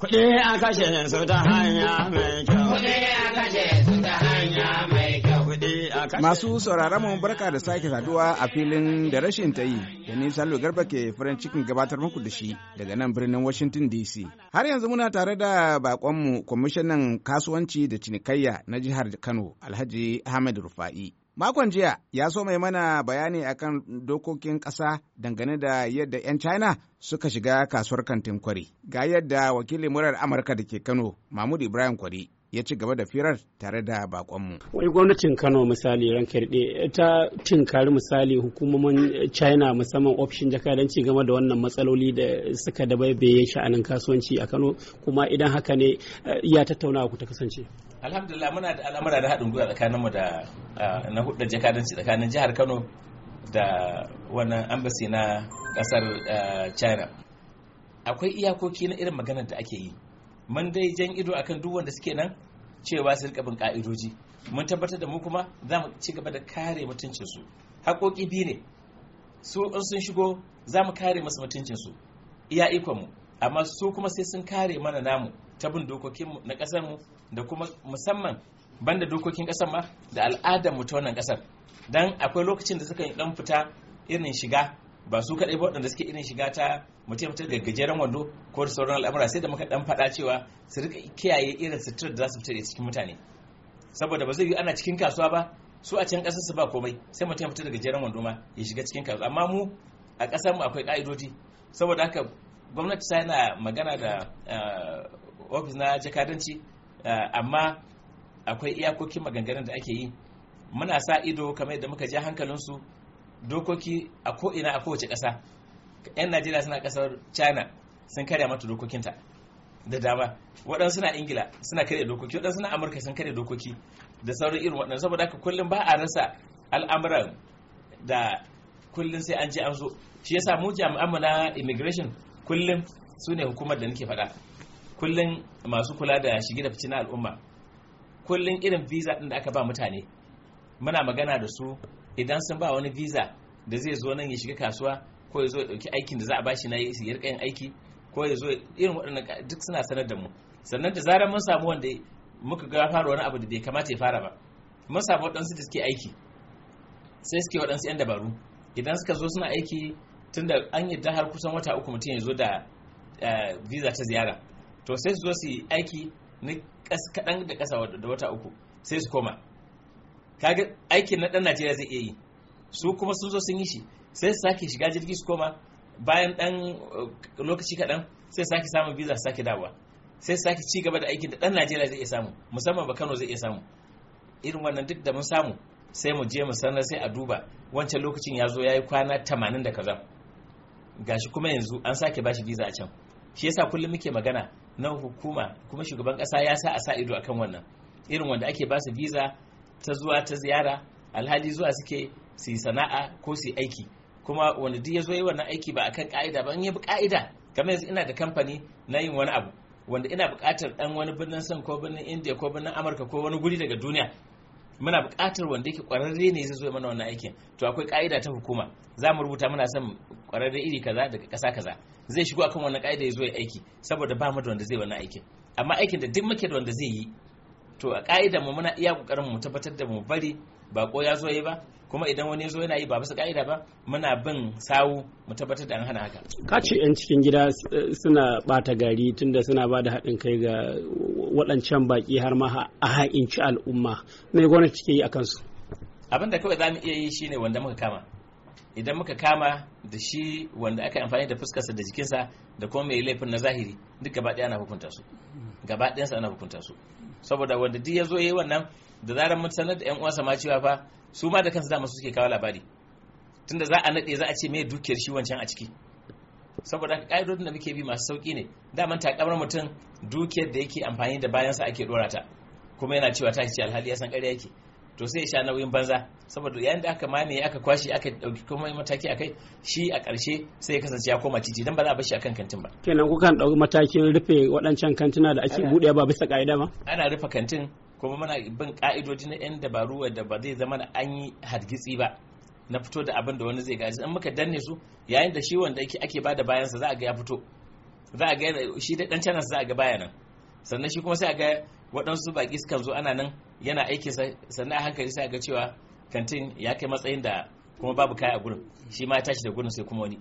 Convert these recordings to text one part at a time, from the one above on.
Kuɗi a kashe su ta hanya mai kyau. Kuɗi a kashe su ta hanya mai kyau. Kuɗi a kashe Masu sauraron mu barka da sake saduwa a filin da rashin ta yi, da ni Salo Garba ke farin cikin gabatar muku da shi daga nan birnin Washington DC. Har yanzu muna tare da bakonmu kwamishinan kasuwanci da cinikayya na jihar Kano, Alhaji Ahmed Rufa'i. Makon jiya ya so mai mana bayani akan dokokin ƙasa dangane da yadda 'yan China suka shiga kasuwar kantin kwari. Ga yadda wakilin murar Amurka da ke Kano, Mahmud Ibrahim Kwari, ya ci gaba da firar tare da bakonmu. Wai gwamnatin Kano misali ran karɗe ta tinkari misali hukumomin China musamman ofishin jakadanci game da wannan matsaloli da suka dabaibaye sha'anin kasuwanci a Kano kuma idan haka ne eh, ya tattauna ku ta kasance. alhamdulillah muna da al'amura da haɗin gwiwa tsakanin mu da na hudu jakadanci tsakanin jihar kano da wannan ambasi na ƙasar china akwai iyakoki na irin maganar da ake yi mun dai jan ido akan duk wanda suke nan cewa su rika bin ka'idoji mun tabbatar da mu kuma za mu ci gaba da kare mutuncinsu haƙoƙi biyu ne su in sun shigo za mu kare masu mutuncinsu iya ikonmu amma su kuma sai sun kare mana namu ta bin dokokin na kasar mu da kuma musamman banda dokokin kasar ma da al'adar mu ta wannan kasar dan akwai lokacin da suka yi dan fita irin shiga ba su kadai ba waɗanda suke irin shiga ta mutum ta da gajeren wando ko da sauran al'amura sai da muka dan faɗa cewa su rika kiyaye irin sutura da za su fita da cikin mutane saboda ba zai yi ana cikin kasuwa ba su a can ƙasar su ba komai sai mutum ya fita da gajeren wando ma ya shiga cikin kasuwa amma mu a kasar mu akwai ƙa'idodi saboda haka gwamnati ta yana magana da eh, ofis na jakadanci eh, amma akwai iyakokin maganganun da ake yi muna sa ido kamar yadda muka ja hankalinsu dokoki a ko'ina a kowace ƙasa 'yan najeriya suna ƙasar china sun karya mata dokokinta da dama waɗansu suna ingila suna karya dokoki waɗansu suna amurka sun karya dokoki da sauran irin waɗansu saboda haka kullum ba a rasa al'amuran da kullum sai an je an zo shi yasa mu jami'anmu na immigration kullum su ne hukumar da nake faɗa kullum masu kula da shige da fice na al'umma kullum irin visa ɗin da aka ba mutane muna magana da su idan sun ba wani visa da zai zo nan ya shiga kasuwa ko ya zo ya ɗauki aikin da za a bashi na yi yin aiki ko ya zo irin waɗannan duk suna sanar da mu sannan da zarar mun samu wanda muka ga fara wani abu da bai kamata ya fara ba mun samu waɗansu da suke aiki sai suke waɗansu 'yan dabaru idan suka zo suna aiki tunda an yadda har kusan wata uku mutum ya zo da eh, visa ta ziyara to sai su zo su yi aiki na kaɗan da ƙasa da wata uku sai su koma kaga aikin na ɗan najeriya zai iya yi su kuma sun zo sun yi shi sai su sake shiga jirgi su koma bayan ɗan uh, lokaci kaɗan sai su sake samun visa su sake dawowa sai su sake ci gaba da aikin da ɗan najeriya zai iya samu musamman ba kano zai iya samu irin wannan duk da mun samu sai mu je mu sanar sai a duba wancan lokacin ya zo ya yi kwana tamanin da kaza gashi kuma yanzu an sake bashi visa a can shi yasa kullum muke magana na hukuma kuma shugaban kasa ya sa a sa ido akan wannan irin wanda ake ba su visa ta zuwa ta ziyara alhali zuwa suke su yi sana'a ko su yi aiki kuma wanda duk ya zo yi wannan aiki ba akan ka'ida ba in ya bi ka'ida kamar yanzu ina da kamfani na yin wani abu wanda ina buƙatar ɗan wani birnin san ko birnin india ko birnin amurka ko wani guri daga duniya muna buƙatar wanda yake ƙwararre ne zai zo ya mana wannan aikin to akwai ƙa'ida ta hukuma za mu rubuta muna son ƙwararre iri kaza daga ƙasa kaza zai shigo akan wannan ƙa'ida ya zo ya aiki saboda ba mu da wanda zai wannan aikin amma aikin da duk muke da wanda zai yi to a ƙa'ida mu muna iya ƙoƙarin mu tabbatar da mu bari ba ko ya zo yi ba kuma idan wani zo yana yi ba bisa ka'ida ba muna bin sawu mu tabbatar da an hana haka ka ce yan cikin gida eh, suna bata gari tunda suna ba da haɗin kai ga waɗancan baƙi har ma a ha'inci al'umma me gwamnati take yi akan su abin da kawai za mu iya yi shine wanda muka kama idan muka kama da shi wanda aka amfani da fuskarsa da jikinsa da kuma mai laifin na zahiri duk gaba ɗaya ana hukunta su gaba ɗayansa ana hukunta su saboda wanda duk ya zo ya yi wannan da zarar mun sanar da yan uwansa ma cewa fa su ma da kansu dama suke kawo labari tunda za a nade za a ce me dukiyar shi wancan a ciki saboda haka da muke bi masu sauki ne da daman takamar mutum dukiyar da yake amfani da bayansa ake dora ta kuma yana cewa ta ce alhali ya san ƙarya yake to sai ya sha nauyin banza saboda yayin da aka mame aka kwashe aka dauki kuma mataki a kai shi a ƙarshe sai ya kasance ya koma titi dan ba za a bar akan kantin ba kenan kukan ɗauki matakin rufe waɗancan kantina da ake buɗe ba bisa ka'ida ba ana rufe kantin kuma muna bin ka'idoji na 'yan dabaru wadda ba zai zama an yi hargitsi ba na fito da abin da wani zai gaji in muka danne su yayin da shi wanda ake ba da bayansa za a ga ya fito za a ga shi da dan canansa za a ga bayanan sannan shi kuma sai a ga waɗansu baƙi sukan zo ana nan yana aiki sannan a hankali sai a ga cewa kantin ya kai matsayin da kuma babu kaya a gurin shi ma ya tashi da gurin sai kuma wani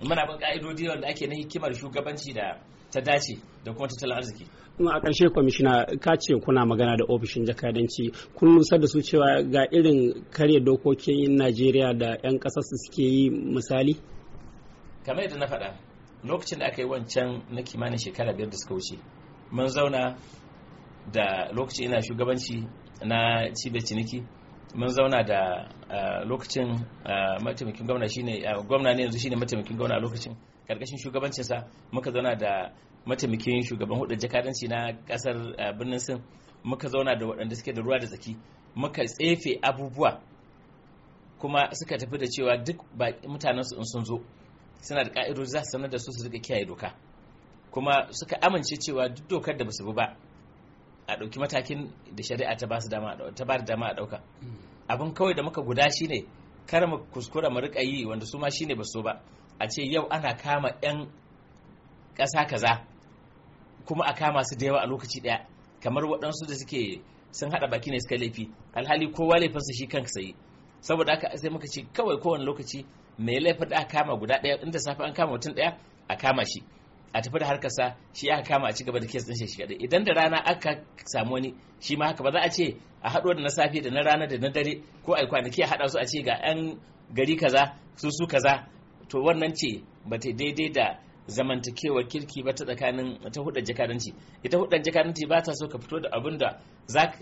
muna bin ka'idodi wanda ake na hikimar shugabanci da ta dace da kuma tattalin arziki kuma a ƙarshe kwamishina ka ce kuna magana da ofishin jakadanci kun nusar da su cewa ga irin karya dokokin najeriya da 'yan ƙasarsu suke yi misali kamar yadda na faɗa lokacin da aka yi wancan na kimanin shekara biyar da suka wuce mun zauna da lokacin ina shugabanci na cibiyar ciniki mun zauna da eh, lokacin eh, mataimakin gwamna shine eh, gwamna ne yanzu shine mataimakin gwamna a lokacin karkashin shugabancinsa muka zauna da mataimakin shugaban hudu jakadanci na kasar birnin sin muka zauna da waɗanda suke da ruwa da tsaki muka tsefe abubuwa kuma suka tafi da cewa duk mutanensu in sun zo suna da ka'ido za su sanar da su su rika kiyaye doka kuma suka amince cewa duk dokar da ba su bi ba a ɗauki matakin da shari'a ta ba da dama a ɗauka hmm. abin kawai da muka guda shine kar mu kuskura mu riƙa yi wanda su ma shine ba so ba a ce yau ana kama 'yan ƙasa kaza kuma a kama su da yawa a lokaci ɗaya kamar waɗansu da suke sun haɗa baki ne suka laifi alhali kowa laifinsa shi kanka sayi saboda haka sai muka ce kawai kowane lokaci mai laifin da aka kama guda ɗaya inda safe an kama mutum ɗaya a kama shi a tafi da harkarsa shi aka kama a ci gaba da kes ɗin shi kaɗai idan da rana aka samu wani shi ma haka ba za a ce a haɗo da na safe da na rana da na dare ko a kwanaki a haɗa su a ce ga 'yan gari kaza su su kaza to wannan ce ba ta daidai da zamantakewa kirki ba ta tsakanin ta hudar jakadanci ita hudar jakadanci ba ta so ka fito da abin da zai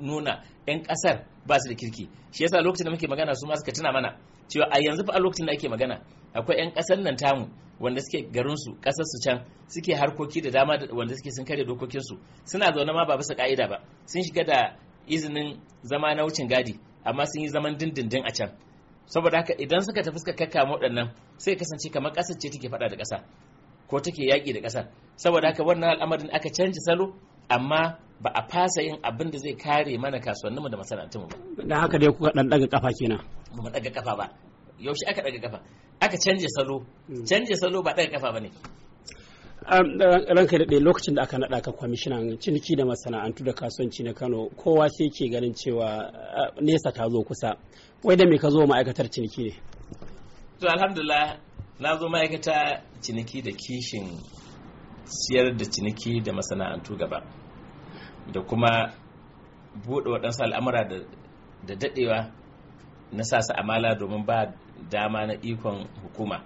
nuna yan kasar ba su da kirki shi yasa lokacin da muke magana su ma suka tuna mana cewa a yanzu fa lokacin da ake magana akwai yan kasar nan tamu wanda suke garin su kasar su can suke harkoki da dama wanda suke sun kare dokokin su suna zaune ma ba bisa ka'ida ba sun shiga da izinin zama na wucin gadi amma sun yi zaman dindindin a can saboda haka idan suka tafi suka kakka waɗannan sai kasance kamar ƙasar ce take faɗa da ƙasa ko take yaƙi da ƙasar saboda haka wannan al'amarin aka canji salo amma ba a fasa yin abin da zai kare mana kasuwanninmu da mu ba da haka dai kuka ɗan ɗaga kafa kenan ba mu ɗaga kafa ba yaushe aka ɗaga kafa aka canje salo hmm. canje salo ba ɗaga kafa ba ne Eh, ranka daɗe lokacin da aka naɗa ka kwamishinan ciniki da masana'antu da kasuwanci na kano kowa sai ke ganin cewa eh, nesa ta zo kusa wai da me ka zo ma'aikatar ciniki ne to alhamdulillah na zo ma'aikata ciniki da kishin siyar da ciniki da masana'antu gaba da kuma buɗe waɗansu al'amura da daɗewa na sa sasa amala domin ba dama na ikon hukuma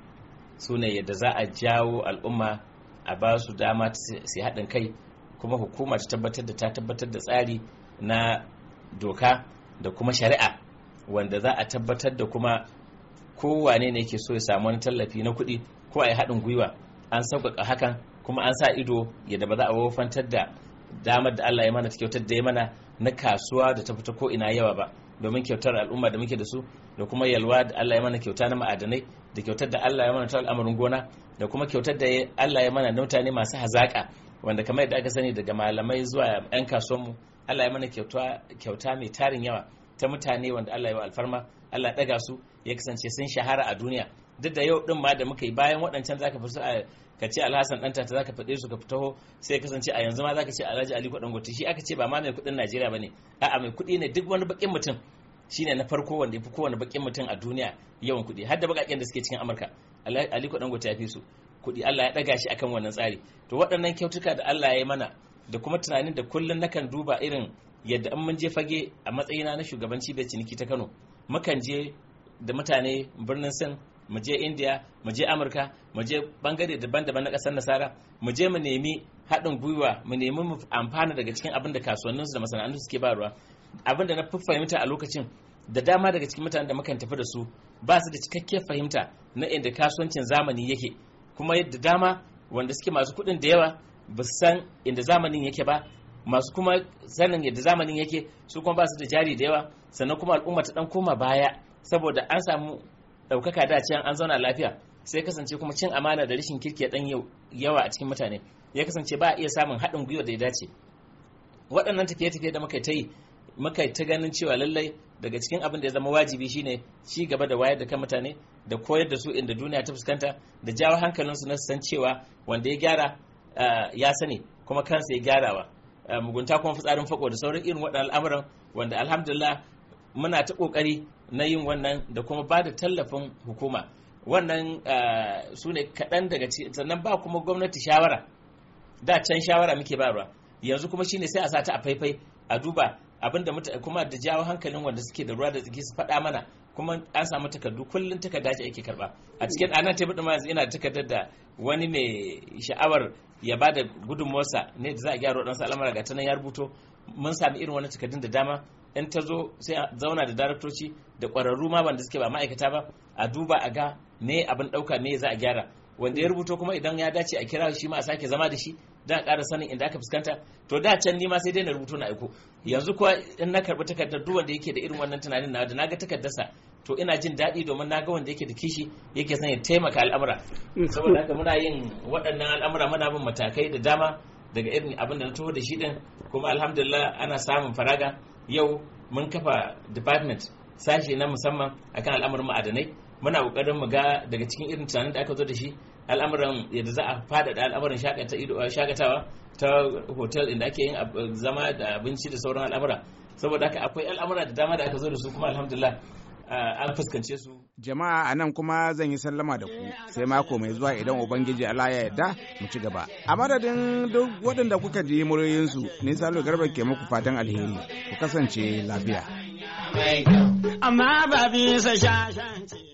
su ne yadda za a jawo al'umma a ba su dama su haɗin kai kuma hukuma ta tabbatar da ta tabbatar da tsari na doka da kuma shari'a wanda za a tabbatar da kuma kowane ne ke so ya samu wani tallafi na kuɗi ko a yi haɗin gwiwa an sauƙaƙa hakan kuma an sa ido yadda ba za a wofantar da damar da Allah ya mana ta kyautar da ya mana na kasuwa da ta fita ko ina yawa ba domin kyautar al'umma da muke da su da kuma yalwa da Allah ya mana kyauta na ma'adanai da kyautar da Allah ya mana ta al'amarin gona da kuma kyautar da Allah ya mana da mutane masu hazaka wanda kamar yadda aka sani daga malamai zuwa 'yan kasuwanmu Allah ya mana kyauta mai tarin yawa ta mutane wanda Allah ya wa alfarma Allah ya ɗaga su ya kasance sun shahara a duniya duk da yau din ma da muka yi bayan waɗancan zaka fi a ka ce alhassan ɗan za zaka faɗe su ka taho sai kasance a yanzu ma zaka ce alhaji aliko dangote shi aka ce ba ma mai kuɗin najeriya ba ne a'a mai kuɗi ne duk wani bakin mutum shine na farko wanda ya fi kowane bakin mutum a duniya yawan kuɗi har da bakaken da suke cikin amurka aliko dangote ya fi su kuɗi allah ya ɗaga shi akan wannan tsari to waɗannan kyautuka da allah ya yi mana da kuma tunanin da kullum nakan duba irin yadda an mun je fage a matsayina na shugaban cibiyar ciniki ta kano mukan je da mutane birnin sin mu je india mu je amurka mu je bangare daban-daban na kasar nasara mu je mu nemi haɗin gwiwa mu nemi mu amfana daga cikin abin da kasuwanninsu da masana'antu suke ba ruwa abin da na fi fahimta a lokacin da dama daga cikin mutanen da muka tafi da su ba su da cikakkiyar fahimta na inda kasuwancin zamani yake kuma yadda dama wanda suke masu kuɗin da yawa ba su san inda zamanin yake ba masu kuma sanin yadda zamanin yake su kuma ba su da jari da yawa sannan kuma al'umma ta dan koma baya saboda an samu ɗaukaka da can an zauna lafiya sai kasance kuma cin amana da rashin kirki dan yawa a cikin mutane ya kasance ba a iya samun haɗin gwiwa da ya dace waɗannan tafiye-tafiye da muka ta yi muka ta ganin cewa lallai daga cikin abin da ya zama wajibi shine ci gaba da wayar da kan mutane da koyar da su inda duniya ta fuskanta da jawo hankalinsu na san cewa wanda ya gyara eh, ya sani kuma kansa ya gyarawa eh, mugunta kuma fitsarin fako da sauran irin waɗannan al'amuran wanda alhamdulillah muna ta ƙoƙari na yin wannan da kuma ba da tallafin hukuma wannan eh, su ne kaɗan daga cikin sannan ba kuma gwamnati shawara da can shawara muke ba yanzu kuma shine sai a sata a faifai a duba Abin abinda kuma da jawo hankalin wanda suke da ruwa da tsaki su faɗa mana kuma an samu takardu kullum takarda ce ake karba a cikin ana ta ɗin ma ina takardar da wani mai sha'awar ya ba da gudunmuwarsa ne da za a gyara waɗansu al'amura ga ta nan ya rubuto mun sami irin wani takardun da dama in ta zo sai a zauna da daraktoci da ƙwararru ma wanda suke ba ma'aikata ba a duba a ga ne abin ɗauka me za a gyara wanda ya rubuto kuma idan ya dace a kira shi ma a sake zama da shi da ƙara sanin inda aka fuskanta to da can ni ma sai dai na rubuto na aiko yanzu kuwa in na karɓi takardar duk wanda yake da irin wannan tunanin na da naga takardarsa to ina jin daɗi domin na ga wanda yake da kishi yake son ya taimaka al'amura mm. saboda haka muna yin waɗannan al'amura muna bin matakai da dama daga irin abin da na taho da shi din kuma alhamdulillah ana samun faraga yau mun kafa department sashe na musamman akan al'amuran ma'adanai muna kokarin mu ga daga cikin irin tunanin da aka zo da shi al'amuran yadda za a faɗaɗa al'amuran shakatawa ta hotel inda ake yin zama da abinci da sauran al'amura saboda haka akwai al'amura da dama da aka zo da su kuma alhamdulillah an fuskance su jama'a a nan kuma zan yi sallama da ku sai mako mai zuwa idan ubangiji Allah ya yarda mu ci gaba a madadin duk waɗanda kuka ji muryoyinsu ni salo garba ke muku fatan alheri ku kasance lafiya amma babin sa shashance.